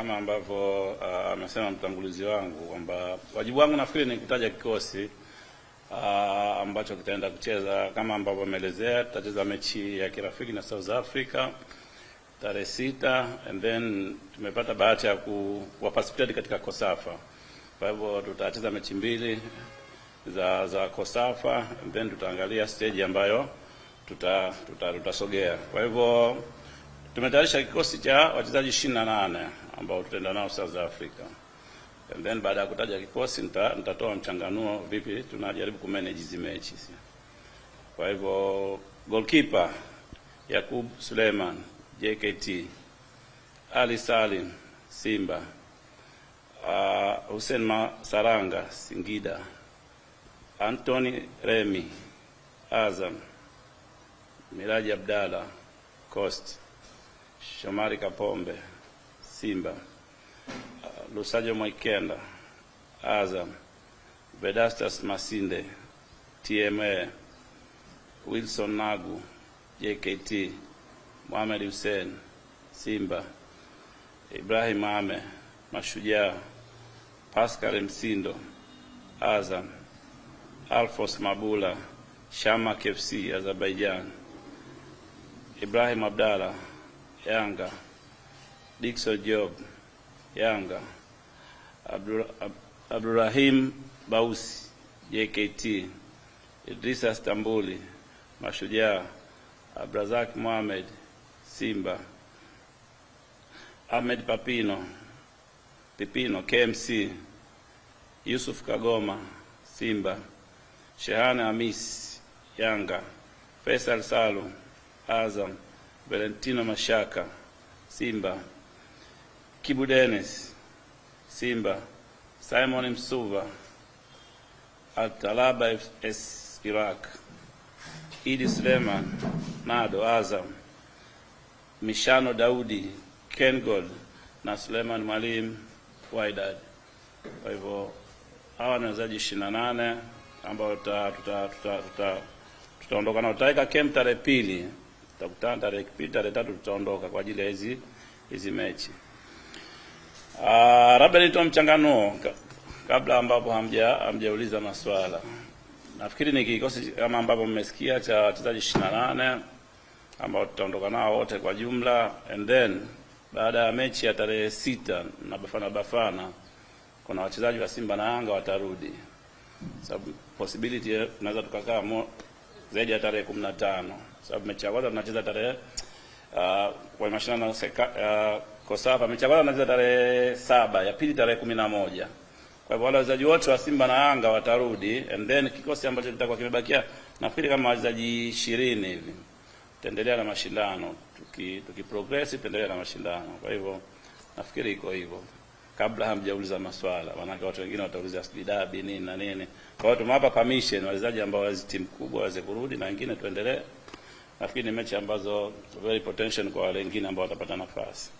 kama ambavyo uh, amesema uh, mtangulizi wangu kwamba wajibu wangu nafikiri ni kutaja kikosi uh, ambacho kitaenda kucheza kama ambavyo ameelezea. Tutacheza mechi ya kirafiki na South Africa tarehe sita, and then tumepata bahati ya kuwaparticipate katika Kosafa. Kwa hivyo tutacheza mechi mbili za za Kosafa, and then tutaangalia stage ambayo tutasogea tuta, tuta, tuta kwa hivyo Tumetayarisha kikosi cha wachezaji 28 ambao tutaenda nao South Africa. And then baada ya kutaja kikosi nita, nitatoa mchanganuo vipi tunajaribu manage hizi mechi. Kwa hivyo goalkeeper Yakub Suleiman JKT, Ali Salim Simba, uh, Hussein Masaranga Singida, Anthony Remy Azam, Miraji Abdalla Coast Shomari Kapombe Simba, uh, Lusajo Mwaikenda Azam, Vedastus Masinde TMA, Wilson Nagu JKT, Mohamed Hussein Simba, Ibrahim Ame Mashujaa, Pascal Msindo Azam, alfos Mabula Shamak FC Azerbaijan, Ibrahim Abdallah, Yanga. Dixon Job Yanga. abdurahim Ab, Bausi JKT. Idrisa Stambuli Mashujaa. Abrazak Mohamed Simba. Ahmed Papino Pipino KMC. Yusuf Kagoma Simba. Shehana Hamis Yanga. Faisal salu Azam Valentino Mashaka Simba, Kibu Dennis Simba, Simon Msuva, Altalaba FS Iraq, Idi Suleman Nado Azam, Mishano Daudi Gold na Suleman Mwalimu Wydad. Kwa hivyo hawa ni wachezaji ishirini na nane ambao tutaondoka nao, tutaweka camp tarehe pili tutakutana tarehe kipindi tarehe tatu tutaondoka kwa ajili ya hizi hizi mechi. Ah, labda nitoa mchanganuo kabla ambapo hamja hamjauliza maswala. Nafikiri ni kikosi kama ambavyo mmesikia cha wachezaji 28 ambao tutaondoka nao wote kwa jumla and then baada ya mechi ya tarehe sita na Bafana Bafana kuna wachezaji wa Simba na Yanga watarudi, sababu possibility tunaweza tukakaa zaidi ya tarehe 15 sababu mechi ya kwanza tunacheza tarehe uh, kwa mashindano uh, Kosafa mechi ya kwanza tunacheza tarehe saba ya pili tarehe 11. Kwa hivyo wale wachezaji wote wa Simba na Yanga watarudi and then kikosi ambacho kitakuwa kimebakia nafikiri kama wachezaji ishirini hivi tutaendelea na mashindano tuki, tuki progress tutaendelea na mashindano. Kwa hivyo nafikiri iko hivyo kabla hamjauliza maswala, maanake watu wengine watauliza sijui dabi nini na nini. Kwa hiyo tumewapa permission wachezaji ambao wazi timu kubwa waweze kurudi na wengine tuendelee. Nafikiri ni mechi ambazo very potential kwa wale wengine ambao watapata nafasi.